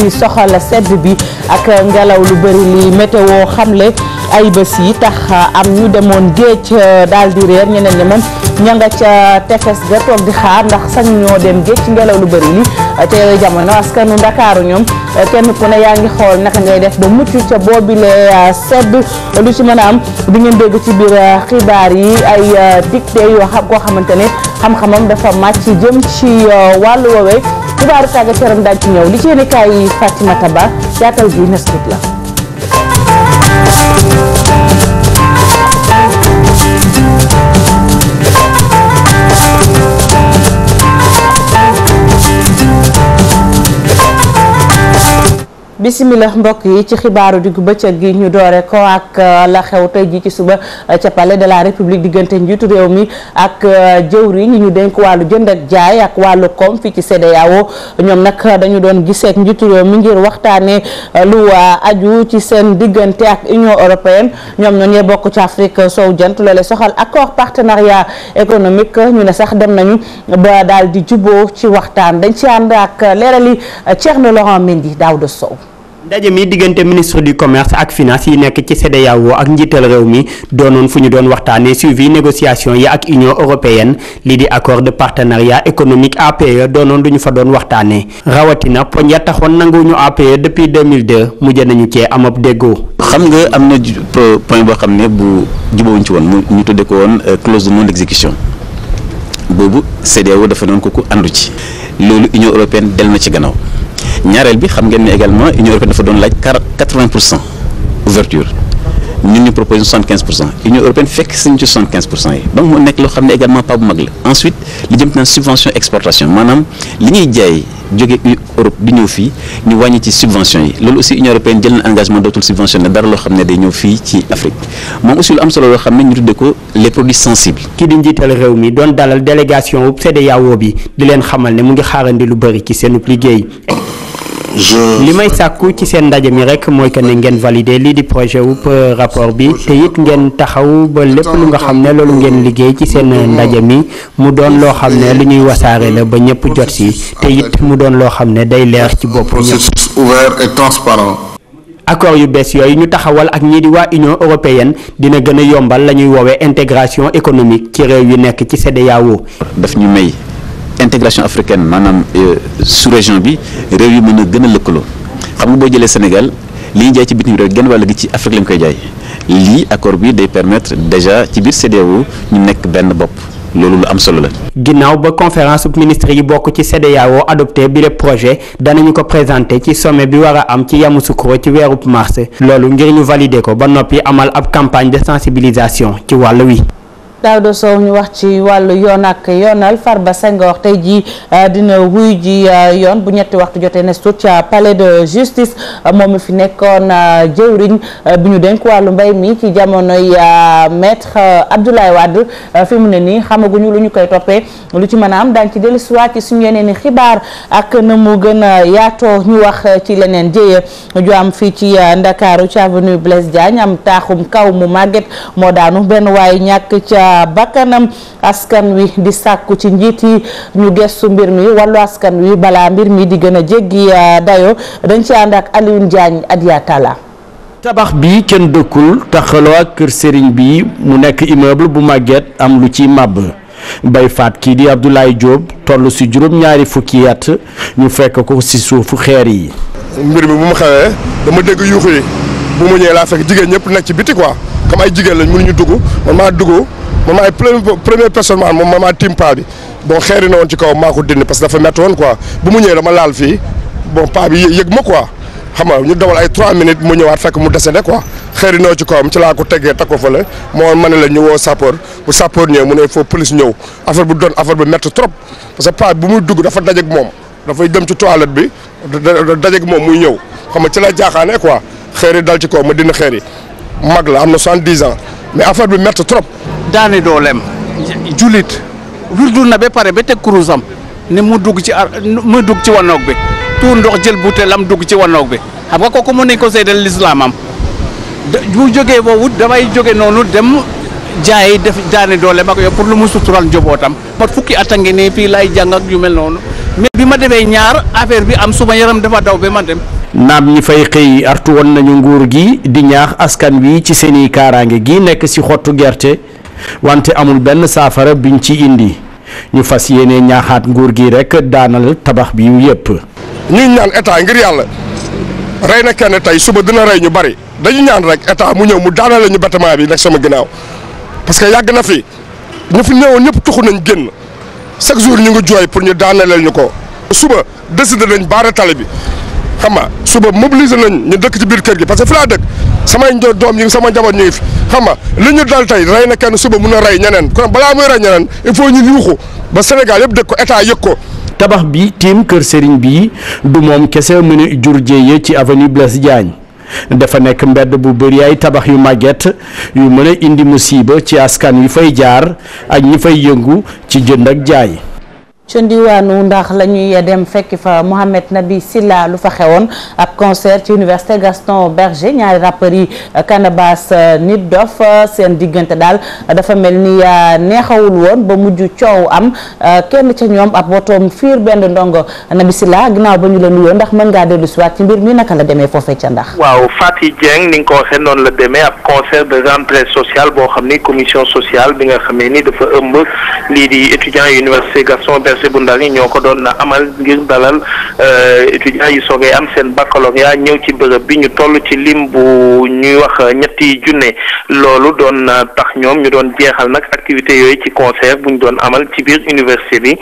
bi soxal sedd bi ak ngelaw lu bëri li météo xamle ay bés yi tax uh, am ñu demoon géej uh, daal di réer ñeneen ñi moom ña nga ca tefes ga toog di xaar ndax sañu ñoo dem géej ci ngelaw lu bëri li uh, te jamono askanu Ndakaaru ñoom kenn ku ne yaa ngi xool naka ngay def ba mucc ca boobile sedd lu ci mën a am di ngeen dégg ci biir xibaar yi ay dicté yoo xam koo xamante xam-xamam dafa màcc jëm ci wàllu woowee xibaaru tàggat yaram daañu ci ñëw li ci yéene kaay Fatimata Ba yaatal bi nas la bisimilah mbokk yi ci xibaaru diggu bëccëg gi ñu doore ko ak euh, la xew tey ji ci suba euh, ca palais de la république diggante njiitu réew mi ak euh, jëwriñ yi ñu dénk wàllu jënd ak jaay ak wàllu koom fii ci CEDEAO ñoom nag dañu doon giseek njiitu réew mi ngir waxtaane lu aju ci seen diggante ak union européenne ñoom ñoo bokk ci Afrique sow jant loole soxal accord partenariat économique ñu ne sax dem nañu ba daal di juboo ci waxtaan dañ ci ànd ak leerali Thierno Laurent Mendy Daouda Sow ndaje mi diggante ministre du commerce ak finance yi nekk ci CEDEAO ak njiital réew mi doonoon fu ñu doon waxtaanee suivi négociation yi ak union européenne lii di accord de partenariat économique APE doonoon lu fa doon waxtaanee rawatina poñ ya taxoon nanguwuñu APE depuis 2002 mujj nañu cee amab déggoo. xam nga am na point boo xam ne bu jubawuñ ci woon mu ñu tuddee ko woon euh, clause de non exécution boobu CEDEAO dafa noon ko ku andu ci loolu union européenne del na ci gannaaw. ñaareel bi xam ngeen ne également Union européenne dafa doon laaj quatre-vingt pour cent ouverture ñun ñu proposé soixante quinze pour cent Union européenne fekk si ñu ci soixante quinze pour cent yi donc mu nekk loo xam ne également pas bu mag la ensuite li jëm naan subvention exportation maanaam li ñuy jaay jóge Europe di ñëw fii ñu wàññi ci subvention yi loolu aussi Union européenne jël na engagement dootul subventionné dara loo xam ne day ñëw fii ci Afrique moom aussi lu am solo loo xam ne ñu tuddee ko les produits sensibles. kii réew mi doon dalal délégation wu e bi di leen xamal ne mu ngi xaarandi lu bëri ci seenub liggéey. li may sàkku ci seen ndaje mi rek mooy que ne ngeen valider lii di projet wu euh, rapport bi te it ngeen taxaw ba lépp lu nga xam ne loolu ngeen liggéey ci seen ndaje mi mu doon loo xam ne lu ñuy wasaare la ba ñëpp jot si te it mu doon loo xam ne day leer ci bopp ñëpp. ouvert et transparent. yu bees yooyu ñu taxawal ak ñii di waa union européenne dina gën a yombal la ñuy woowee intégration économique ci réew yu nekk ci CEDEAO daf ñu may intégration africaine maanaam euh, sous région bi réew yi mën a gën a lëkkaloo xam nga boo jëlee Sénégal li ñuy jaay ci bitim réew genn wàll gi ci Afrique lañ koy jaay lii accord bi de permettre déjà ci biir CEDEAO ñu nekk benn bopp loolu lu am solo la. ginnaaw ba conférence ministre yi bokk ci CEDEAO adopté bi le projet danañu ko présenté ci sommet bi war a am ci Yamoussoukro ci weeru mars loolu ngir ñu valider ko ba noppi amal ab campagne de sensibilisation ci wàll wi. Daouda Sow ñu wax ci wàllu yoon ak yoonal Farba Senghor tey jii euh, dina wuy ji euh, yoon bu ñetti waxtu jotee ne suut ca euh, palais de justice moom mi fi nekkoon jëwriñ bi ñu dénk wàllu mbay mi ci jamonoy maître Abdoulaye Wade fi mu ne nii xamaguñu lu ñu koy toppee lu ci mën a am daañu ci dellu siwaat ci suñu yeneen xibaar ak na mu gën a yaatoo ñu wax ci leneen jéye ju am fii ci Ndakaaru ci avenue Blaise Diagne am taaxum kaw mu màgget moo daanu benn waaye ñàkk ca bakkanam askan wi di sàkku ci njiit ñu gestu mbir mi wàllu askan wi balaa mbir mi di gën a jéggi euh, dañ ci ànd ak Alioune Diagne Adia tabax bi kenn dëkkul taxaloo ak kër sëriñ bi mu nekk immeuble bu màgget am lu ci màbb bay faat kii di Abdoulaye Diop toll ci juróom-ñaari fukki at ñu fekk ko si suufu xeer yi mbir mi bu mu xewee dama dégg yuuxu yi bu mu ñëwee laa fekk jigéen ñëpp nekk ci biti quoi comme ay jigéen lañ ñu dugg man maa dugg man maay première personne moom man maa tiim paa bi bon xeeri na woon ci kaw maa ko dindi parce que dafa métti woon quoi bu mu ñëwee dama laal fii bon paa bi yëg ma quoi xam nga ñu dawal ay 3 minutes mu ñëwaat fekk mu desende quoi xeeri na ci kawam ci laa ko teggee teg ko fële moo ma ne la ñu woo sapeur bu sapeur ñëw mu ne il police ñëw affaire bu doon affaire bu métti trop parce que paa bi bu dafa dajeeg moom dafay dem ci toilette bi dajeeg moom muy ñëw xam ci la jaaxaane quoi xeer yi dal ci kaw ma dina xeer mag la am na soixante-dix ans mais affaire bi métti trop. daane dooleem. jullit jur na ba pare ba teg kurusam ne mu dugg ci ar mu dugg ci wanoog bi ndox jël buteelam dugg ci wanoog bi xam nga kooku mën nañ ko seedal lislaam am bu jógee boobu damay jóge noonu dem jaay def daane doole mag yow pour lu mu sutural njobootam ma fukki at a ngi nii fii laay jàng ak yu mel noonu mais bi ma demee ñaar affaire bi am suma yaram dafa daw ba ma dem. naam ñi fay xëy artu woon nañu nguur gi di ñaax askan wi ci seeni kaaraange gi nekk ci xottu gerte wante amul benn saafara biñ ci indi ñu fas yéene ñaaxaat nguur gi rekk daanal tabax bi yépp ñuy ñaan état ngir yàlla rey na kenn tey suba dina rey ñu bari dañu ñaan rek état mu ñëw mu daanale ñu bâtiment bi nag sama ginnaaw parce que yàgg na fi ñu fi néewoon ñëpp tuxu nañ génn chaque jour ñu ngi jooy pour ñu daanaleel ñu ko. suba décidé nañ baare tali bi xam suba mobiliser nañ ñu dëkk ci biir kër gi parce que fi laa dëkk samay njo doom yi sama njaboot ñu ngi fi xam nga li ñu dal tey rey na kenn suba mun a rey ñeneen kon balaa muy rey ñeneen il faut ñu yuuxu ba Sénégal yëpp dëkk ko état yëg ko. tabax bi tiim kër Serigne bi du moom kese mën a jur jéeye ci avenue Blaise jaañ dafa nekk mbedd bu bëri ay tabax yu màgget yu mën a indi musiba ci askan wi fay jaar ak ñi fay yëngu ci jënd ak jaay. ca diwaanu ndax la ñuy dem fekki fa Mouhamed Nabi Silla lu fa xewoon ab concert ci université Gaston Berger ñaari rappeurs yi Nit Doff seen diggante daal dafa mel ni euh, neexawul woon ba mujj coow am euh, kenn ca ñoom ab wotoom fiir benn ndongo Nabi Silla ginnaaw ba ñu la nuyoo ndax mën ngaa dellu siwaat ci mbir mi naka la demee foofee ca ndax. waaw Faty Dieng ni nga ko waxee la demee ab concert de rentrée sociale boo xam ni commission sociale bi université bu Ndar ñoo ko doon amal ngir dalal euh, étudiants yi soogee am seen baccalauréat ñëw ci bërëb bi ñu toll ci lim bu ñuy wax euh, ñetti junne loolu doon euh, tax ñoom ñu doon jeexal nag activité yooyu ci concert bu ñu doon amal ci biir université bi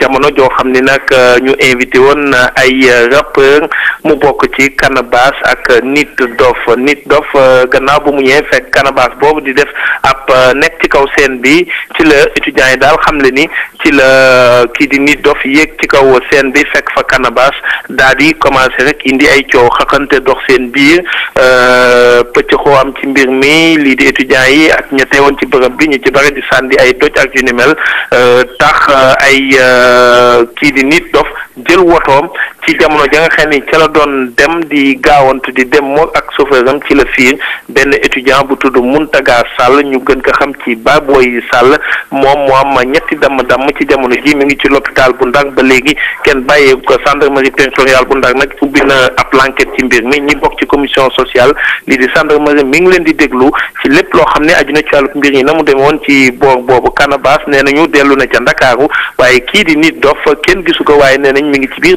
jamono joo xam ni nag ñu invité woon ay rappeur mu bokk ci Canabasse ak Nit Dof Nit Dof gannaaw bu mu fekk Canabasse boobu di def ab nekk ci kaw scène bi ci la étudiants yi daal xam ni ci la kii di nit dof yéeg ci kaw scène bi fekk fa Canabasse daal di commencé rek indi ay coow xaqante dox seen biir euh, xoo am ci mbir mi lii di étudiants yi ak ñette woon ci bërëb bi ñu ci bëri di sànni ay doj ak yu mel euh, tax euh, ay kii di nit dof jël wotoom ci jamono ja nga xam ni ca la doon dem di gaawantu di dem moo ak chauffeur am ci la fiir benn étudiant bu tudd mun taga Sall ñu gën ko xam ci ba Baboy Sall moom moo am ñetti damm-damm ci jamono ji mu ngi ci l'hôpital bu Ndar ba léegi kenn bàyyee ko gendarmerie territoriale bu Ndar nag ubbi na ab enquête ci mbir mi ñi bokk ci commission sociale lii di gendarmerie mi ngi leen di déglu ci lép loo xam ne aju na ci wàllu mbir yi na mu demee woon ci boor boobu Canabasse nee nañu dellu na ca Ndakaaru waaye kii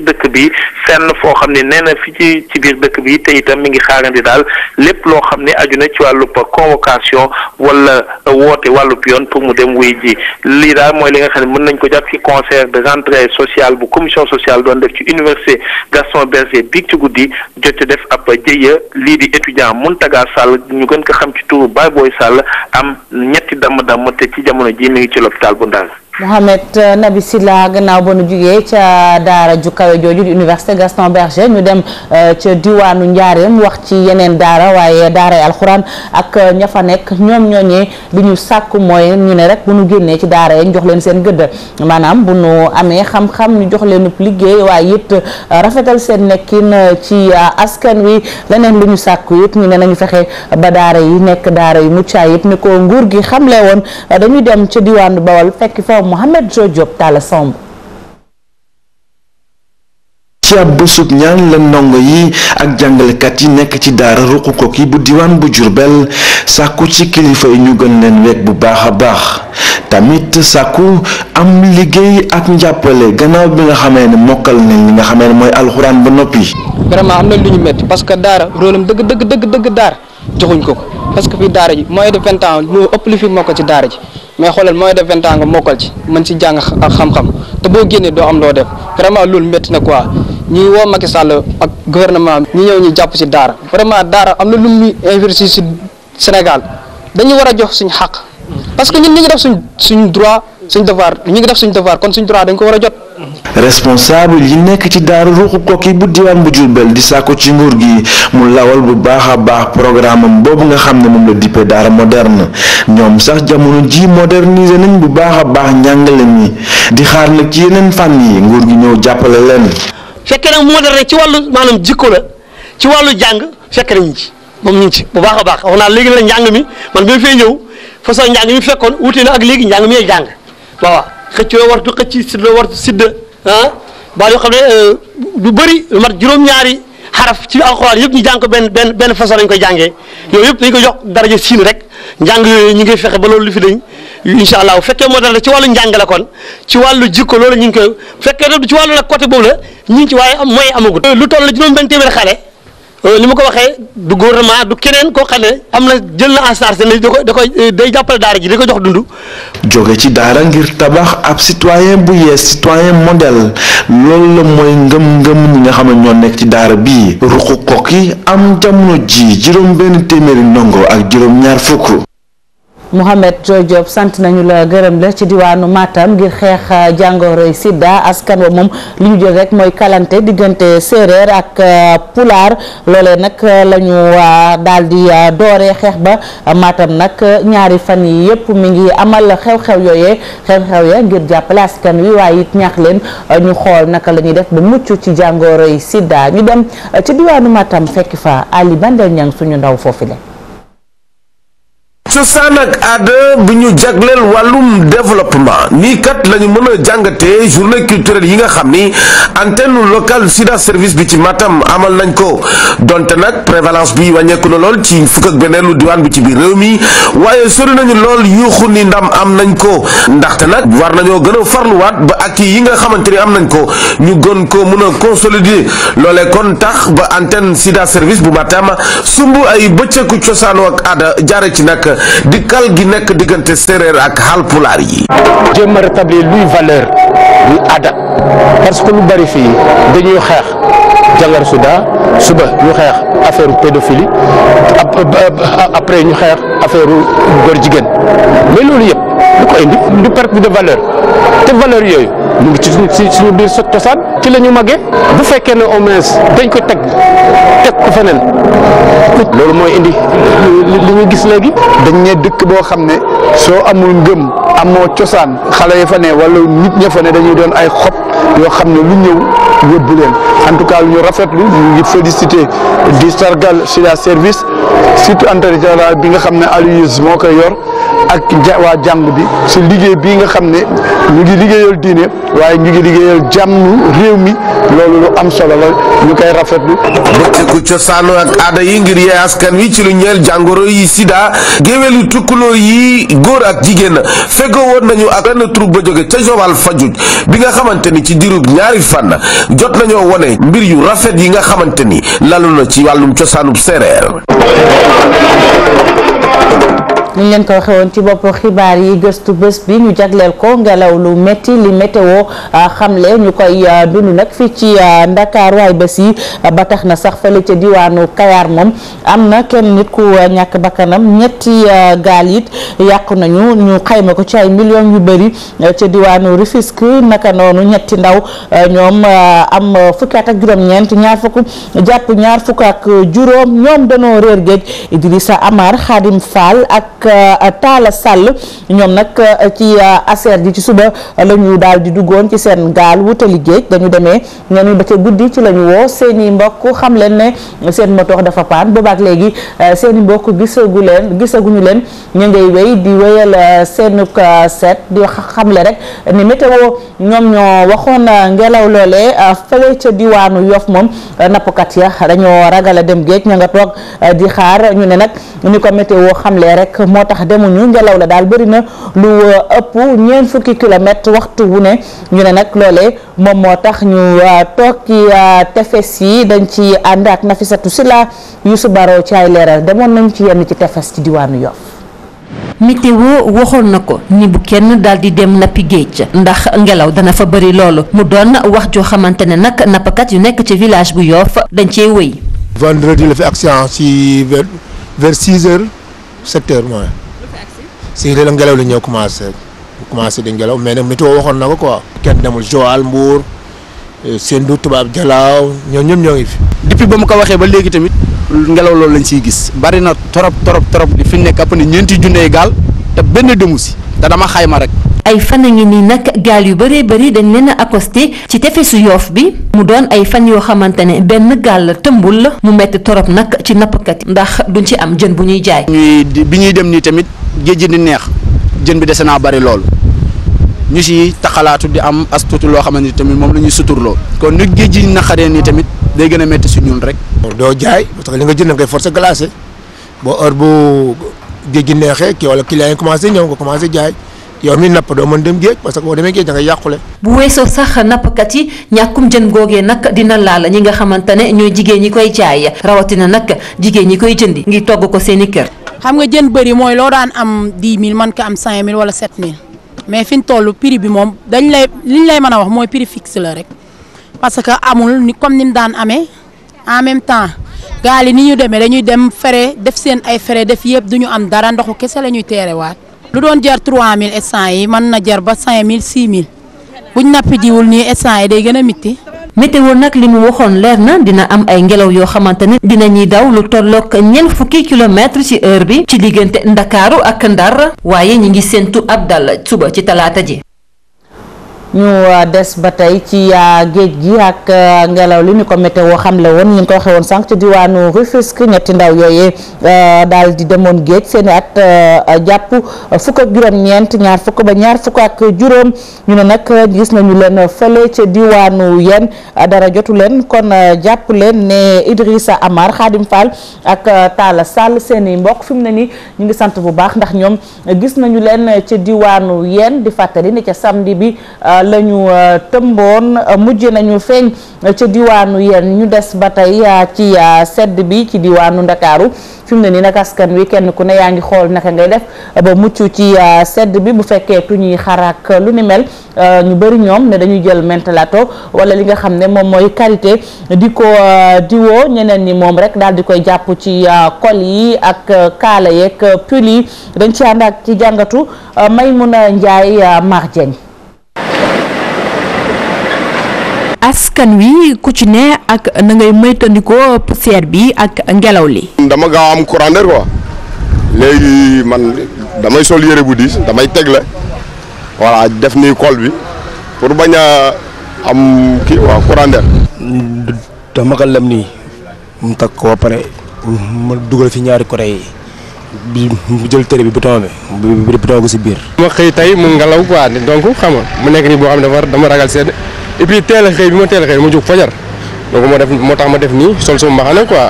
dëkk bi fenn foo xam ne nee na fi ci ci biir dëkk bi te itam mi ngi xaarandi daal lépp loo xam ne aju na ci wàllu wàllub convocation wala euh, woote wàllu yoon pour mu dem wuy ji lii daal mooy li nga xam ne mën nañ ko jàpp ci concert de rentrée sociale bu commission sociale doon def ci université Gaston Berger biig ci guddi jote def ab jëya lii di mun taga Sall ñu gën ko xam ci turu Baye booy Sall am ñetti damm damm te ci jamono ji mi ngi ci l'hôpital bu Mohamed euh, Nabi Sylla gannaaw ba nu jugee ca daara ju kawe jooju di université Gaston Berger ñu dem euh, ca diwaanu Njaareem wax ci yeneen daara waaye daaray alxuraan ak euh, ña fa nekk ñoom ñooñee li ñu sàkk mooy ñu ne rek bu nu génnee ci daara yi ñu jox leen seen gëdd maanaam bu nu amee xam-xam ñu jox leen liggéey waaye it rafetal seen nekkin ci askan wi leneen lu ñu sàkk it ñu ne nañu fexe ba daara yi nekk daara yu mucc ayib ni ko nguur gi xamle woon dañuy dem ca diwaanu Bawol Mohamed Diop Talla Samb ci ab bësub ñaan leen ndongo yi ak jàngalekat yi nekk ci daara ruqu kook yi bu diwaan bu Jurbel sàkku ci kilifa yi ñu gën leen wekk bu baax a baax tamit sàkku am liggéey ak njàppale gannaaw bi nga xamee ne mokkal nañ li nga xamee ne mooy alxuraan ba noppi. vraiment am na lu ñu métti parce que daara rôlam dëgg dëgg dëgg daara joxuñ ko ko parce que fii daara ji mooy de vingt moo ëpp li fi moo ko ci daara ji. mais xoolal moins de vingt ans nga mokkal ci mën ci jàng ak xam-xam te boo génnee doo am loo def vraiment loolu métti na quoi ñuy woo Macky ak gouvernement ñu ñëw ñu jàpp ci daara vraiment daara am na lu muy investir ci Sénégal dañu war a jox suñu xaq parce que ñun ñu def suñ droit. suñ devoir ñu ngi def suñ devoir kon suñ droit dañ ko war a jot. responsable yi nekk ci daaru ruuxu kokki bu diwaan bu Jurbel di sàkku ci nguur gi mu lawal bu baax a baax programme am boobu nga xam ne moom la dippe daara moderne ñoom sax jamono ji moderniser nañ bu baax a baax njàngale mi di xaar nag ci yeneen fànn yi nguur gi ñëw jàppale leen. fekkee nag moderne ci wàllu maanaam jikko la ci wàllu jàng fekkee nañ ci moom ñu ngi ci bu baax a baax wax naa léegi la njàng mi man bi ma fay ñëw façon njàng mi fekkoon wuute na ak léegi njàng mi ay jàng. waaw xëcc loo wartu xëcc sidd loo wartu sidd ah baa yoo xam ne du euh, bëri lu mat juróom-ñaari xaraf ci alxuraan yëpp ñu jàng ko benn benn benn façon lañ koy jànge yooyu yëpp dañ ko jox daraja siin rek njàng yooyu ñu ngi fexe ba loolu lu fi dañ incha allah bu fekkee moo dara ci wàllu njàng la kon ci wàllu jikko loolu ñu ngi koy bu fekkee ci wàllu nag côté boobu la ñu ngi ci waaye am mooy amagul lu toll la juróom benn téeméer xale Euh, ni ma ko waxee du gouvernement du keneen koo xam ne am na jël na en charge ne da koy da koy euh, day jàppale daara ji di ko jox dund. jóge ci daara ngir tabax ab citoyen bu yees citoyen modèle lool la mooy ngëm-ngëm ñi nga xam ne ñoo nekk ci daara bii ruqu kokki am jamono ji juróom benn téeméeri ndongo ak juróom ñaar fukk. Mouhamed Joy sant nañu la gërëm la ci diwaanu Matam ngir xeex jàngooro euh, jàngoroy Sida askan wa moom li ñu jël rek mooy kalante diggante séeréer ak euh, pulaar loolee nag euh, la ñu daal di dooree xeex ba Matam nag ñaari fan yi yëpp mu ngi amal xew-xew yooyee xew-xew ya ngir jàppale askan wi waaye it ñaax leen ñu xool naka la ñuy def ba mucc ci jàngooro yi Sida ñu dem ci diwaanu Matam fekk fa Ali Bandel Niang suñu ndaw foofu la cosaan ak aada bi ñu jagleel wàllum développement nii kat lañu ñu mën a jàngatee journée culturelle yi nga xam ni antenne local sida service bi ci Matam amal nañ ko donte nag prévalence bi wàññeeku na lool ci fukk ak beneenu diwaan bi ci biir réew mii waaye sori nañu lool yuuxu ni ndam am nañ ko ndaxte nag war nañoo gën a farluwaat ba ak yi nga xamante ni am nañ ko ñu gën ko mën a consolider loole kon tax ba antenne sida service bu Matam sumb ay bëccëgu cosaanu ak aada ci nag dikkal gi nekk diggante séeréer ak haalpulaar yi. jéem a rétablir valeur luy aada. parce que lu bari fii dañuy xeex jàngar suda suba ñu xeex affaire pédophilie après ñu xeex affaire góor jigéen mais loolu yëpp du ko indi du perte de valeur te valeur yooyu mu ngi ci suñu biir sot cosaan ci lañu ñu bu fekkee ne au moins dañ ko teg teg ko feneen loolu mooy indi li ñu gis léegi dañ ñee dëkk boo xam ne soo amul ngëm amoo cosaan xale ya fa ne wala nit ña fa ne dañuy doon ay xob yoo xam ne lu ñëw yóbbu leen en tout cas ñu rafetlu ñu ngi félicité di sargal si la service surtout antérieur bi nga xam ne Aliou moo koy yor. ak waa jàngu bi si liggéey bi nga xam ne ñu ngi liggéeyal diine waaye ñu ngi liggéeyal jàmm réew mi loolu lu am solo la ñu koy rafetlu. bëccëgu cosaanu ak aada yi ngir yee askan wi ci lu ñeel jàngoro yi sida géwélu tukkuloo yi góor ak jigéen feggoo woon nañu ak benn troupe ba jóge ca Joal Fadiouth bi nga xamante ni ci dirub ñaari fànn jot nañoo wone mbir yu rafet yi nga xamante ni lalu na ci wàllum cosaanub séeréer ñu leen ko waxee ci bopp xibaar yi gëstu bés bi ñu jagleel ko ngelaw lu métti li météo ah, xamle ñu koy ah, dund nag fii ci ah, Ndakaaru ay bés yi ba tax na sax fële ca diwaanu Kayaar moom am na kenn nit ku ñàkk bakkanam ñetti gaal it yàqu nañu ñu xayma ko ci ay millions yu bëri ca diwaanu Rufisque naka noonu ñetti ndaw ñoom am fukki ak juróom ñoom danoo réer géej Idrissa Amar Khadim Fall ak ak euh, Talla Sall ñoom nag euh, ci euh, ASER ji ci suba la ñu daal di duggoon ci seen gaal wutali géej dañu demee ñenn ba ca guddi ci la ñu woo seen i mbokk xam leen ne seen motoor dafa paan boobaak léegi seen i mbokk gisagu leen gisaguñu leen ñu ngay wéy di wéyal seenuk seet di xamle rek ni météo ñoom ñoo waxoon ngelaw loolee fële ca diwaanu Yoff moom nappkat ya dañoo ragal dem géej ña nga toog di xaar ñu ne nag ni ko météo xamle rek moo tax demuñu ngelaw la daal bëri na lu uh, ëpp ñeent fukki kilomètre waxtu wu ne ñu ne nag loolee moom moo tax ñu uh, toog ci uh, tefes yi dañ ci ànd ak Nafisatu Sila Yusu Baro ci ay leeral demoon nañ ci yenn ci tefes ci diwaanu Yoff météo waxoon na ko ni bu kenn daal di dem nappi géej ndax ngelaw dana fa bëri loolu mu doon wax joo xamante ne nag nappkat yu nekk ci village bu Yoff dañ cee wéy vendredi la fi accident ci ver vers six heures secteur heures si la ngelaw li ñëw commencé commencé di ngelaw mais nag météo waxoon na ko quoi. kenn demul Joal seen euh, Sendou tubaab Jalaaw ñoo ñoom ñoo ngi fi. depuis ba mu ko waxee ba léegi tamit ngelaw loolu lañ siy gis bari na torop torop torop di fi nekk ëpp na ñeenti junne gaal te benn demu si te dama xayma rek. ay fan a ngi nii nag gaal yu bëree bëri dañ leen a accosté ci tefesu yoof bi mu doon ay fan yoo xamante ne benn gaal la tëmbul mu metti torop nag ci nappkat ndax duñ ci am jën bu ñuy jaay. bi ñuy dem nii tamit géej di neex jën bi dese naa bari lool. ñu si taxalaatu di am as tuuti loo xamante ni tamit moom la ñuy suturloo kon nu géej gi naqaree nii tamit day gën a métti si ñun rek. doo jaay parce que li nga jën nga koy forcer glacé boo heure bu géej gi neexee kii wala client yi commencé ñëw nga commencé jaay. yow mi napp doo mën dem géej parce que boo demee géej da ngay yàqule bu weesoo sax nappkat yi ñàkkum jën googee nag dina laala ñi nga xamante ne ñooy jigéen ñi koy jaay rawatina nag jigéen ñi koy jëndi ngi togg ko seeni kër xam nga jën bëri mooy loo daan am 10 000 mën ko am 5 000 wala 7 000 mais fi ñu toll prix bi moom dañ lay liñ lay mën a wax mooy prix fixe la rek parce que amul ni comme ni daan amee en même temps gaali ni ñu demee dañuy dem fere def seen ay fere def yëpp du am dara ndoxu kese la ñuy teerewaat lu doon jar 3000 instant yi mën na jar ba 5000 6000 buñ nappi jiwul nii instant yi day gën a mitti. météo nag li mu waxoon leer na dina am ay ngelaw yoo xamante ne dina ñuy daw lu tolloog ñeent fukki kilomètre ci heure bi ci diggante ndakaaru ak ndar waaye ñu ngi séentu ab dal suba ci talaata ji. ñu euh, des ba tey ci euh, géej gi ak euh, ngelaw li ni ko météo xamle woon ñu ngi ko waxee woon sànq ci diwaanu Rufisque ñetti ndaw yooyee daal di demoon géej seeni at jàpp fukk ak juróom-ñeent ñaar fukk ñaar fukk ak juróom ñu ne nag gis nañu leen fële ci diwaanu yéen dara jotu leen kon jàpp leen ne Idrissa Amar Khadim ak Talla Sall seen i mbokk fi mu ne nii ñu ngi sant bu baax ndax ñoom gis nañu leen ca diwaanu yéen di fàttali ne ca samedi bi. la ñu euh, tëmboon euh, mujj nañu feeñ euh, ci diwaanu yenn ñu des ba tey ci sedd bi ci diwaanu ndakaaru fi mu ne nii nag askan wi kenn ku ne yaa ngi xool naka ngay def ba mucc ci sedd bi bu fekkee tu xarak lu ni mel ñu bëri ñoom ne dañuy jël mentalato wala li nga xam ne moom mooy karité di ko diwoo ñeneen ñi moom rek daal di koy jàpp ci kol yi ak kaala yeeg pull yi dañ ci ànd ci jàngatu Maymuna Njaay Mar Dieng askan wi ku ci ne ak na ngay moytandikoo poussière bi ak ngelaw li. dama gaaw am courant d'air léegi man damay sol yére bu diis damay teg la voilà def ni col bi pour bañ a am kii waaw courant dama ko lem nii mu takk ko ba pare dugal fi ñaari côté yi bi mu jël tëre bi bouton bi bu bu ko si biir. ma xëy tey mu ngelaw quoi donc xam nga mu nekk nii boo xam ne dafa dama ragal sedd. et puis teel bi ma teel a xëy ma jóg fajar donc moo def moo tax ma def nii sol sama mbaxana quoi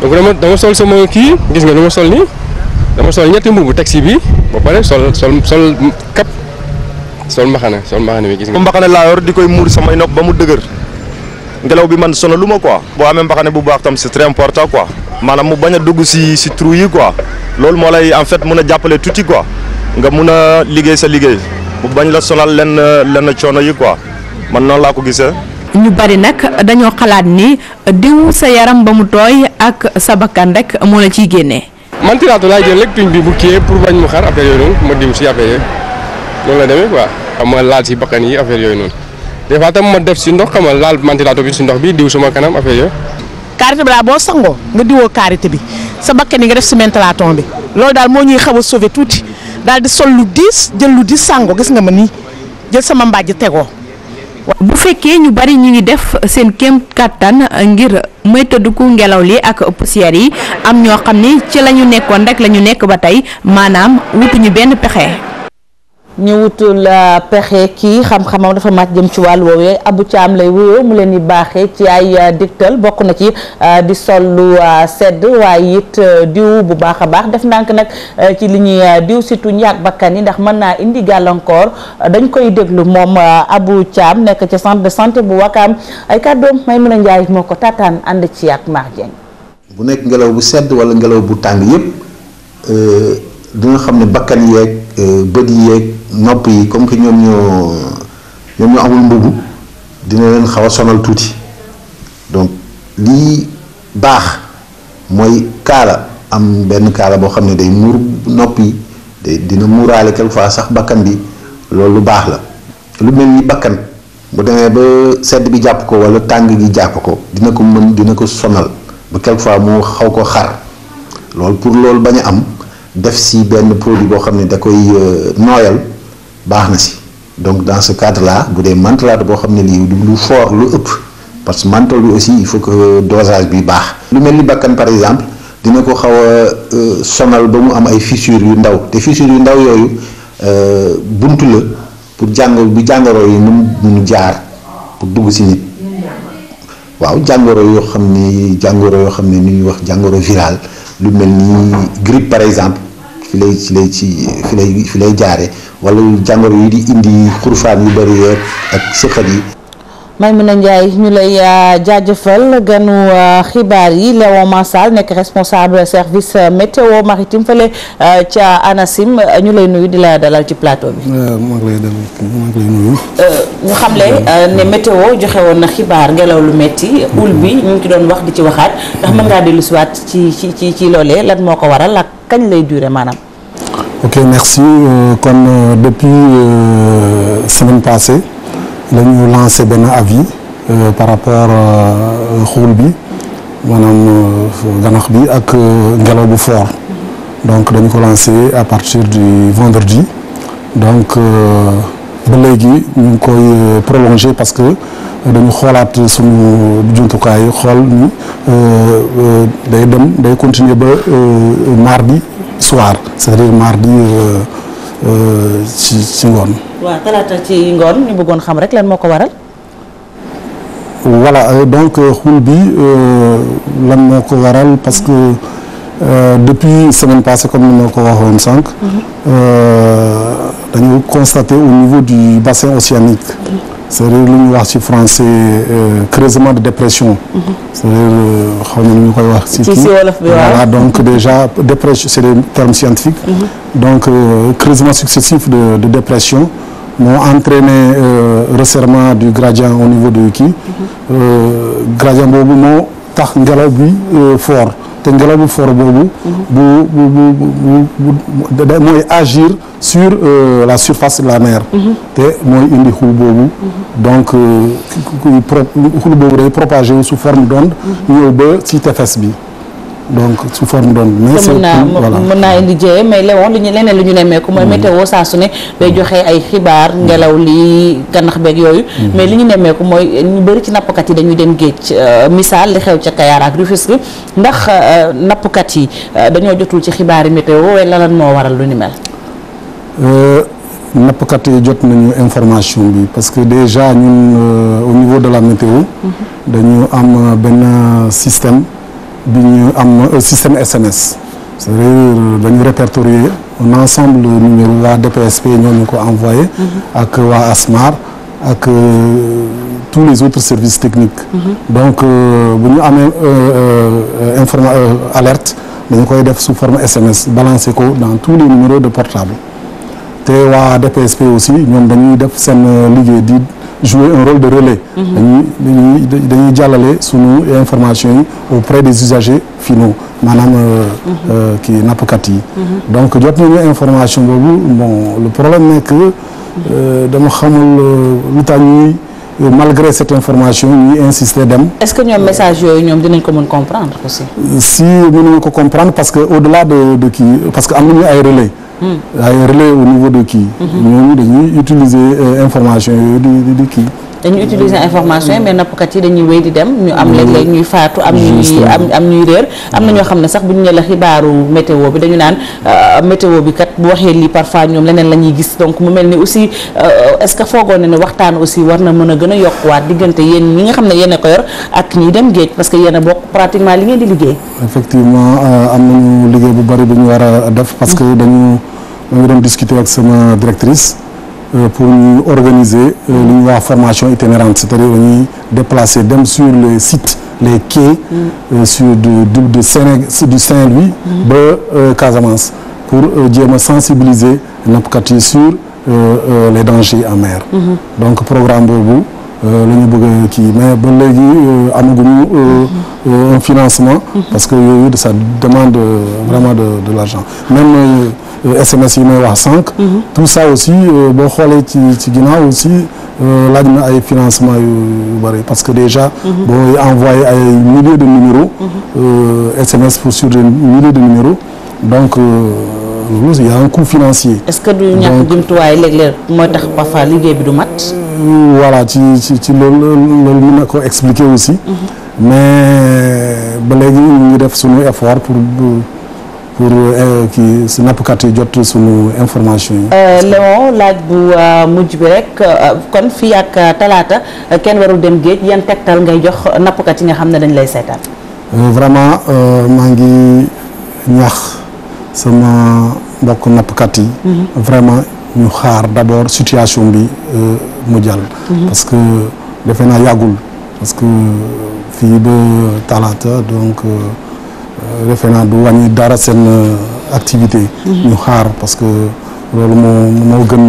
donc dama dama sol sama kii gis nga lu ma sol nii dama sol ñetti mbubu taxi bi ba pare sol sol sol kap sol mbaxana sol mbaxana bi gis nga. mbaxana laa yor di koy muur samay nopp ba mu dëgër ngelaw bi man sonalu ma quoi. boo amee mbaxana bu baax tam c'est très important quoi maanaam mu bañ a dugg si si trou yi quoi loolu moo lay en fait mun a jàppale tuuti quoi nga mun a liggéey sa liggéey bu bañ la sonal lenn lenn coono yi quoi. man noonu laa ko gisee. ñu bari nag dañoo xalaat ni diw sa yaram ba mu tooy ak sa bakkan rek moo la ciy génnee. man tiraatu laay jël rek tuñ bi bu kii pour bañ mu xar affaire yooyu noonu ma diw si affaire la demee quoi xam nga laal si bakkan yi affaire yooyu noonu des fois tam def si ndox xam nga laal mantilaatu bi si ndox bi diw sama kanam affaire yooyu. karité bi daal boo nga diwoo karité bi sa bakkan yi nga def si mentalaton bi loolu daal moo ñuy xaw a sauvé tuuti daal di sol lu diis jël lu diis sangoo gis nga ma nii jël sama mbàjj tegoo. bu fekkee ñu bari ñu ngi def seen kéem kàttan ngir may tëdduku ngelaw li ak poussière yi am ñoo xam ni ci la ñu nekkoon rek la ñu nekk ba tey maanaam wutuñu benn pexe. ñu wutul euh, pexe kii xam-xamam dafa màcc jëm ci wàllu woowu yooyu Abou Thiam lay wuyoo mu leen di baaxee ci ay euh, digtal bokk na ci euh, di sol lu sedd waaye it diw bu baax a baax def ndànk nag ci li ñuy diw si tuñ yaag bakkan yi ndax mën naa indi gàllankoor dañ koy déglu moom Abou caam nekk ca centre de santé bu wakkaam ay kàddoom may mën a njaay moo ko taataan ànd ci ak Mar bu nekk ngelaw bu sedd wala ngelaw bu tàng yépp dina xam ne bakkan yeeg bët yeeg nopp yi comme que ñoom ñoo ñoom ñoo amul mbubu dina leen xaw a sonal tuuti donc lii baax mooy kaala am benn kaala boo xam ne day muur nopp yi day dina muuraale quelque fois sax bakkan bi loolu lu baax la lu mel ni bakkan bu demee ba sedd bi jàpp ko walla tàng gi jàpp ko dina ko mën dina ko sonal ba quelque fois mu xaw ko xar loolu pour loolu bañ a am def si benn produit boo xam ne da koy euh, nooyal baax na si donc dans ce cadre là bu dee mentolate boo xam ne lii lu fort lu ëpp parce que menthol bi aussi il faut que dosage bi baax. lu mel ni bakkan par exemple dina ko xaw a euh, sonal ba mu am ay fissures yu ndaw te fissures yu ndaw yooyu euh, buntu la pour jàngoro bi jàngoro yi nu mu jaar pour dugg si nit. waaw jàngoro yoo xam ni jàngoro yoo xam ne ni ñuy wax jàngoro viral lu mel ni grippe par exemple. fi lay fi lay ci fi lay jaare wala jàngoro yi di indi xurfaan yu bëri ak sëqat yi Maymuna Ndiaye ñu lay euh, jaajëfal ganu euh, xibaar yi Léon Mansal nekk responsable service euh, météo maritime fële ca ANACIM ñu lay nuyu di la dalal ci plateau bi. ñu xamle ne météo joxe woon na xibaar ngelaw lu metti ul bi ñu ngi ci doon wax di ci waxaat ndax mën ngaa dellu waat ci ci ci ci loolee lan moo ko waral ak kañ lay durer maanaam. ok merci kon depuis semaine passée. la ñu lancé benn avis euh, par rapport euh, xul bi maanaam euh, ganax bi ak ngelaw bu fort donc dañu ko lancé à partir du vendredi donc ba léegi ñu ngi koy prolongé parce que dañu xoolaat suñu jumtukaay xool ni day dem day continuer ba mardi soir c'est-à-dire mardi ci ci ngoon waaw talaata ci ngoon ñu bëggoon xam rek lan moo ko waral. voilà euh, donc euh, xul bi euh, lan moo ko waral parce que euh, depuis semaine passée comme ni ma ko waxoon sànq. Mhm. dañu constaté au niveau du bassin océanique. Mhm. c'est-à-dire lu ñuy wax ci français creusement de dépression. Mhm. c'est-à-dire xaw koy wax. ci ci wolof bi waaw voilà donc déjà dépression c'est des termes scientifiques. donc creusement successif de de dépression. moo entraîné euh, resserrement du gradient au niveau du kii gradient boobu moo tax ngelaw bi fort te ngelaw bu fort boobu bu mooy agir sur euh, la surface de la mer te mooy indi xul boobu donc xul boobu day propagé wu forme d'onde ñëw ba ci tefes bi donc su forme doon mais mën naa mën naa indi jéye mais lewoon lu leneen lu ñu nemmeeku mooy mm. météo saa su ne day joxee ay xibaar mm. ngelaw li gannax beeg yooyu mm. mais li ñu nemmeeku mooy ñu bëri ci nappkat yi dañuy dem géej euh, misaal li xew ca Kayar ak Rufisque ndax euh, nappkat yi euh, dañoo jotul ci xibaari météo wala lan moo waral lu ni mel nappkat yi jot nañu information bi parce que déjà ñun au niveau de la météo mm-hmm. dañu am benn système bi ñu am euh, système SMS c'est-à-dire euh, dañu répertorier un ensemble de numéro waa DPSP ñoo ñu ko envoyé mm-hmm. ak waa ASMAR ak euh, tous les autres services techniques mm-hmm. donc bu ñu amee informa alerte dañu koy def sous forme SMS balancé ko dans tous les numéros de portable te waa DPSP aussi ñoom dañuy def seen liggéey di jouer un rôle de relais. Mhm. dañuy dañuy dañuy jàllale sunu information yi auprès des usagers finaux maanaam euh, mhm. euh, kii nappkat yi. Mhm. donc jot nañu information boobu bon le problème nekk euh, dama xamul lu tax ñuy malgré cette information ñuy insister dem. est-ce que ñoom message yooyu ñoom dinañ ko mën comprendre aussi. si mënuñu ko comprendre parce que au-delà de de parce que am nañu ay relais. ay relais au de kii mhm. ñooñu dañuy utiliser euh, information yooyu di di dañuy utiliser information yi mais nappkat yi dañuy wéy di dem ñu am mm-hmm. léeg-léeg ñuy faatu am ñuy am am ñuy am na ñoo mm-hmm. xam ne sax bu ñu ne la xibaaru météo bi dañu naan euh, météo bi kat bu waxee lii parfois ñoom leneen la ñuy gis donc mu mel ni aussi euh, est-ce que foogoo ne ne waxtaan aussi war na mën a gën a yokkuwaat diggante yéen ñi nga xam ne yéen a ak ñiy dem géej parce que yenn a pratiquement li ngeen di liggéey effectivement euh, am nañu liggéey bu bari bu ñu war a def parce que mm-hmm. dañu dañu doon discuter ak sama directrice Euh, pour ñu organiser euh, li ñuy wax formation itinérante c'est-à-dire dañuy déplacer dem sur les sites les quais mm. euh, sur du du Saint-Louis mm. ba Casamance pour jéem a sensibiliser nappkat yi sur les dangers en mm-hmm. donc programme boobu Euh, la ñu bëgg a kii mais ba léegi euh, amaguñu euh, un financement. parce que yooyu ça demande vraiment de de l'argent même SMS yi may wax sànq. Mhm. tout ça aussi boo xoolee ci ci ginnaaw aussi laaj na ay financement yu bëri parce que déjà. Mhm. booy envoyé ay milliers de numéros. SMS mhm. pour sur des milliers de numéros donc. loolu a un coût financier. donc ce que du ñàkk jumtuwaay léeg-léeg mooy tax parfois liggéey bi du mat. Euh, voilà ci ci ci loolu loolu mun na ko expliquer aussi. Mm-hmm. mais ba léegi ñu ngi def suñu effort pour. pour euh, si nappkat yi jot suñu information yi. Euh, Léon laaj bu mujj bi rek kon fii ak talaata kenn warul dem géej yan tegtal ngay jox nappkat yi nga xam ne dañ lay seetaan. vraiment maa ngi ñax. sama mbokk nappkat yi. Mhm. vraiment ñu xaar d'abord situation bi euh, mu jàll. Mhm. parce que defe naa yàggul parce que fii ba talaata donc euh, euh, defe naa du wàññi dara seen activité. Mhm. ñu xaar parce que loolu moo moo gën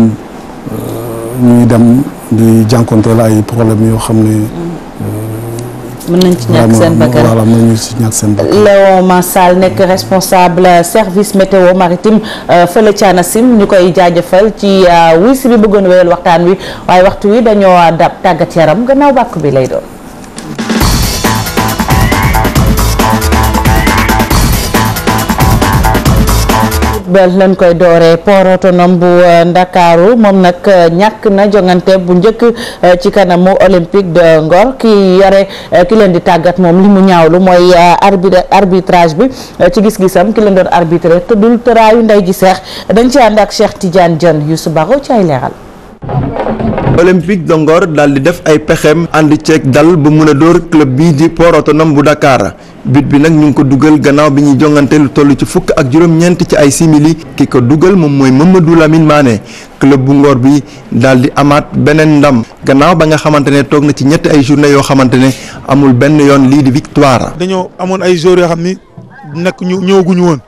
ñuy dem di jànkonteel ay problèmes yoo xam ne. mën nañ ci ñàkk seen bakkan voilà mën nañu ci ñàkk seen bakkan Léon Mansal nekk responsable service météo maritime euh, fële ci ANACIM ñu koy jaajëfal ci euh, wuy si bi bëggoon wéyal waxtaan wi waaye waxtu wi dañoo dab tàggat yaram gannaaw bàkk bi lay doon football lañ koy dooree port autonome bu euh, Ndakaaru moom nag euh, ñàkk na jongante bu njëkk euh, ci kanamu olympique de Ngor ki yore ki leen di tàggat moom li mu ñaawlu mooy arbitrage bi ci gis-gisam ki leen doon arbitré tëddul tëraayu ndey ji seex dañ ci ànd ak Cheikh Tidiane Dione Youssou Baro ci ay leeral olympique de Ngor daal di def ay pexem ànd ceeg dal bu mun a dóor club bii di port bu Dakar but bi nag ñu ngi ko dugal gannaaw bi ñuy jongante lu tollu ci fukk ak juróom-ñeent ci ay simili ki ko dugal moom mooy du Lamine Mané club bu Ngor bi daal di amaat beneen ndam gannaaw ba nga xamante ne toog na ci ñett ay journée yoo xamante ne amul benn yoon lii di victoire. dañoo amoon ay joueurs yoo xam ni nag ñu ñëwaguñu woon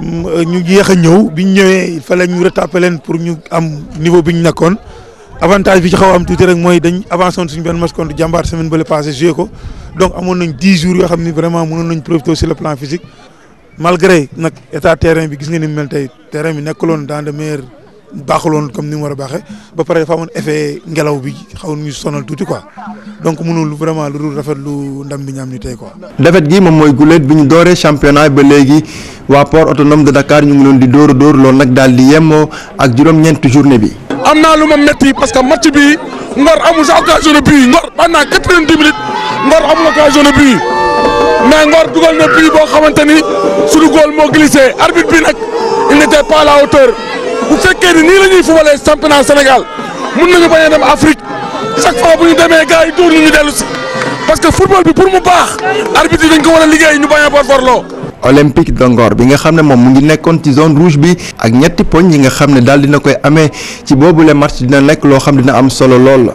mm, euh, ñu yéex a ñëw biñ ñëwee fa ñu rattrapé leen pour ñu am niveau ñu nekkoon. avantage bi ci xaw am tuuti rek mooy dañ avancé woon suñu benn match contre jàmbaar semaine bële passé joué ko donc amoon nañ dix jours yoo xam ni vraiment mënoon nañ profité sur le plan physique malgré nag état terrain bi gis nga ni mu mel tey terrain bi nekkuloon dans de meilleurs baaxuloon comme ni mu war a baaxee ba pare dafa amoon effet ngelaw bi xaw ñu sonal tuuti quoi donc lu vraiment lu rafet lu ndam bi ñu am ni tey quoi. defet gi moom mooy guléet bi ñu dooree championnat ba léegi waa port autonome de Dakar ñu ngi leen di dóor a dóor loolu nag daal di yemoo ak juróom-ñeent bi. am naa lu ma métti parce que match bi Ngor amul sa occasion de but Ngor pendant quatre-vingt-dix minutes Ngor amul occasion de but mais Ngor dugal na but boo xamante ni su góol moo glissé arbitre bi nag il n'était pas à la bu fekkee ni nii la ñuy fubalee championnat Sénégal mun nañu bañ a dem Afrique chaque fois bu ñu demee gars yi dóor ñu ñu dellu parce que football bi pour mu baax arbitre yi dañ ko war liggéey ñu bañ a borborloo olympique de Ngor bi nga xam ne moom mu ngi nekkoon ci zone rouge bi ak ñetti poñ yi nga xam ne daal dina koy amee ci boobule match dina nekk loo xam dina am solo lool.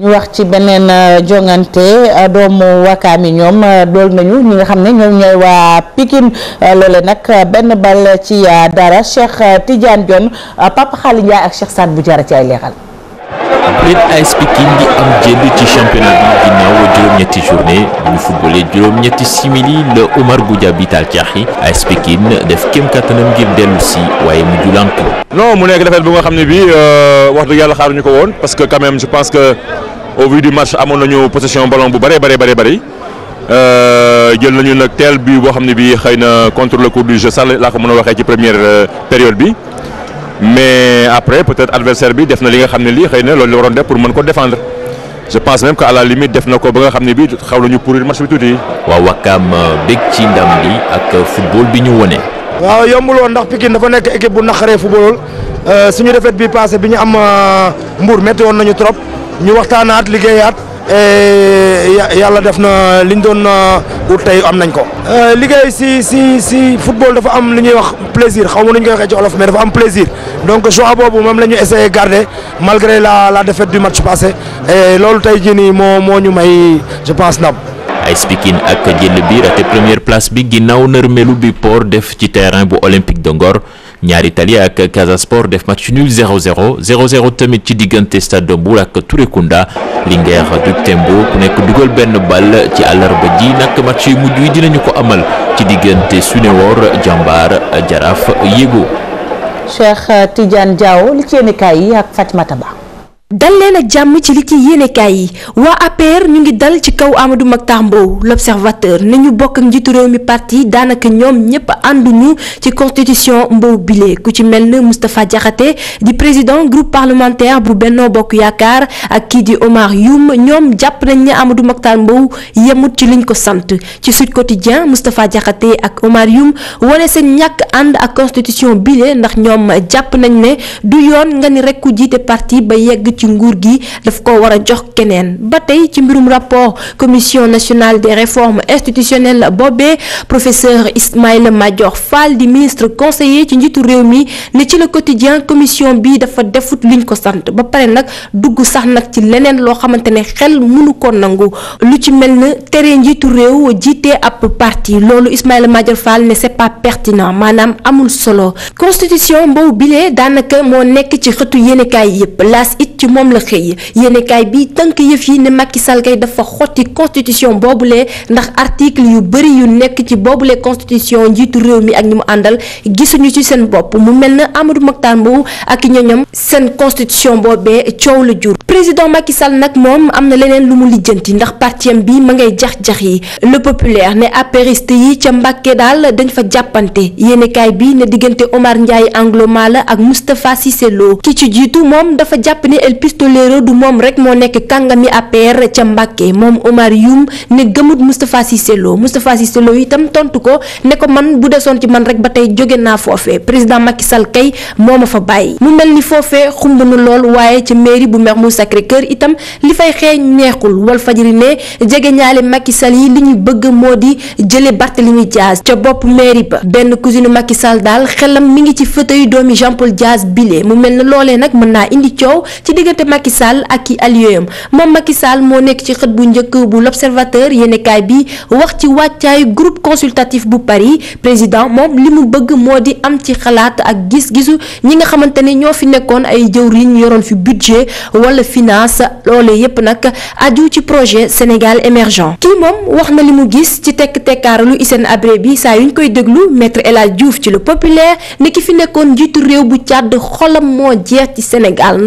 ñu wax ci beneen euh, jongante euh, doomu wakaam yi ñoom euh, dool nañu ñi nga xam ne ñoom ñooy waa Pikine loole nag benn bal ci dara Cheikh Tidiane Dione Papa Xaali Ndiaye ak Cheikh saat bu jara ci ay leexal Prit AS Pikine di am jënd ci championnat bi ginnaaw juróom-ñetti journée bu ñu footballé juróom-ñetti simili la Omar Goudia bi taal caaxi AS Pikine def kéem kattanam ngir dellu si waaye mujj lànku. non mu nekk defet bu nga xam ne bii euh, wax dëgg yàlla xaaruñu ko woon parce que quand même je pense que au vu du match amoon nañu possession ballon bu bëree bëree bëri bëri euh, jël nañu nag teel bi boo xam ne bii xëy na contre le cours du jeu sax laa ko mën a waxee ci première euh, période bi. mais après peut-être adversaire bi def na li nga xam ne lii xëy na loolu la waroon def pour mën ko défendre je pense même que à la limite def na ko ba nga xam ne bi xaw nañu pourrir match bi tuuti. waaw Wakaam euh, bég ci ndam bi ak euh, football bi ñu wone waaw yombuloo ndax Pikine dafa nekk équipe bu naqaree football euh, suñu défaite bi passé bi ñu am mbur metti woon nañu trop ñu waxtaanaat liggéeyaat. Eh, yàlla def na li ñu doon euh, wut tey am nañ ko. Euh, liggéey si si si football dafa am lu ñuy wax plaisir xaw ma nu ñu koy waxee ci olof mais dafa am plaisir donc choix boobu moom la ñu essayé garder malgré la la défaite du match passé et loolu tey ji nii moo moo ñu may je pense ndam. AS Pikine ak jël bi raté première place bi ginnaaw nërmelu bi port def ci terrain bu Olympique de Ngor ñaari tali ak Casa Sport def match nul 0-0 0-0 tamit ci diggante Stade bu Mbour ak Touré-Kunda Linguère Duc Tembo ku nekk dugal benn bal ci àllarba ji nag match yu mujj yi dinañu ko amal ci diggante Sunéor Jambar Jaraaf Yégo Cheikh Tidiane Diaw li ci yéenekaay yi ak dal leen jàmm ci li ci yéenekaay yi waa APR ñu ngi dal ci kaw Amadou Mahtar Mbow l'observateur ne ñu bokk njiitu réew mi parti daanaka ñoom ñépp ànduñu ci constitution Mbow bile ku ci mel ne Moustapha Diakhaté di président groupe parlementaire bu Benno Bokk Yaakaar ak kii di Omar Youm ñoom jàpp nañ ne Amadou Mahtar Mbow yemut ci liñ ko sant ci Sud Quotidien Moustapha Diakhaté ak Omar Youm wane seen ñàkk ànd ak constitution bile ndax ñoom jàpp nañ ne du yoon nga ni rek ku jiite parti ba yegg ci nguur gi dafa ko war a jox keneen ba tey ci mbirum rapport commission nationale des réformes institutionnelles boobee professeur Ismaïla Madior Fall di ministre conseiller ci njiitu réew mi ne ci le quotidien commission bi dafa defut liñ ko sant ba pare nag dugg sax nag ci leneen loo xamante ne xel mënu ko nangu lu ci mel ne tere njiitu réew jiite ab parti loolu Ismaïla Madior Fall ne c'est pas pertinent maanaam amul solo constitution boobu bile daanaka nekk ci xëtu moom la xëy yéenekaay bi tënk yëf yi ne Macky Sall kay dafa xotti constitution boobule ndax article yu bëri yu nekk ci boobule constitution njiitu réew mi ak ñi mu àndal gisuñu ci seen bopp mu mel na Amadou Mokhtar Mbow ak ñoñam seen constitution boobe coow la jur. président Macky sal nag moom am na leneen lu mu lijjanti ndax partiem bi ma ngay jax-jax yi le populaire ne apériste yi ca Mbàkke daal dañ fa jàppante yéenekaay bi ne diggante Omar Ndiaye Anglo Mala ak Moustapha Cissé Lo ki ci jiitu moom dafa jàpp Pistolero du moom rek moo nekk kàngami APR ca Mbàkke moom Omar Youm ne gëmut Moustapha Cissé Lo Moustapha Cissé Lo itam tontu ko ne ko man bu desoon ci man rek ba tey jóge naa foofee président Macky Sall kay moo ma fa bàyyi mu mel ni foofee xumb na lool waaye ca mairie bu Mermoz Sacré-Cœur itam li fay xeeñ neexul Walf Fadjri ne jege ñaale Macky Sall yi li ñu bëgg moo di jële Barthélémy Dias ca bopp mairie ba benn cousine Macky Sall daal xelam mi ngi ci fauteuil doomi Jean Paul Dias bile mu mel ne loolee nag mën naa indi coow diggante Macky Sall ak ki alliéem moom Macky Sall moo nekk ci xet bu njëkk bu l'observateur yéenekaay bi wax ci wàccaay groupe consultatif bu Paris président moom li mu bëgg moo di am ci xalaat ak gis-gisu ñi nga xamante ne ñoo fi nekkoon ay jëwriñ yoroon fi budget wala finance loole yépp nag aju ci projet Sénégal émergent kii moom wax na li mu gis ci tekk tekkaaralu iseen Habré bi saa yuñ koy déglu maître El Hadj Diouf ci le populaire ne ki fi nekkoon njiitu réew bu càdd xolam moo jeex ci Sénégal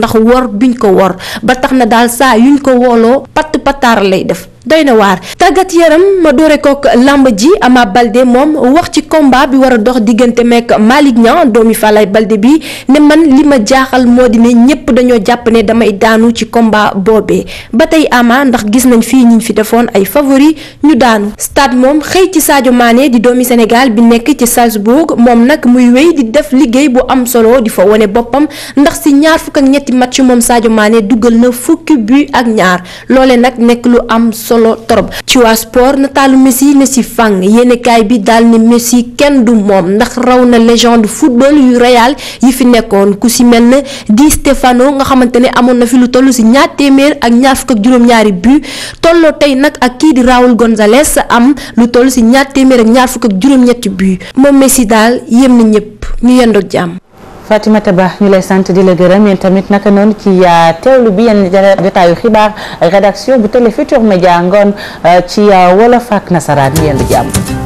duñ ko wor ba tax na daal saa yuñ ko wooloo patt pataar lay def day na waar tàggat yaram ma doore kook lamb ji Ama balde moom wax ci combat bi war a dox diggante meek Malick Niang doomi Falaye balde bi ne man li ma jaaxal moo dina ne ñépp dañoo jàpp ne damay daanu ci combat boobee ba tey Ama ndax gis nañ fii ñiñ fi defoon ay favori ñu daanu stade moom xëy ci Sadio Mané di doomi Sénégal bi nekk ci Salzbourg moom nag muy wéy di def liggéey bu am solo di fa wone boppam ndax si ñaar fukk ak ñetti mat match moom Sadio Mané duggal na fukki but ak ñaar loole nag nekk lu am solo torop ci waa sport nataalu Messi ne si fang yéenekaay bi daal ne Messi kenn du moom ndax raw na légende football yu Real yi fi nekkoon ku ci mel ne Di Stefano nga xamante ne amoon na fi lu toll si ñaar téeméer ak ñaar fukk ak juróom-ñaari but tolloo tey nag ak kii di Raúl González am lu toll si ñaar téeméer ak ñaar fukk ak juróom-ñetti but moom Messi daal yem na ñëpp ñu yendoog jàmm Fatimata Ba ñu lay sant di la gërëm yéen tamit naka noonu ci euh, teewlu bi yenn jotaayu xibaar rédaction bu Télé Futurs Médias ngoon euh, ci euh, wolof ak nasaraan yéen di jàmm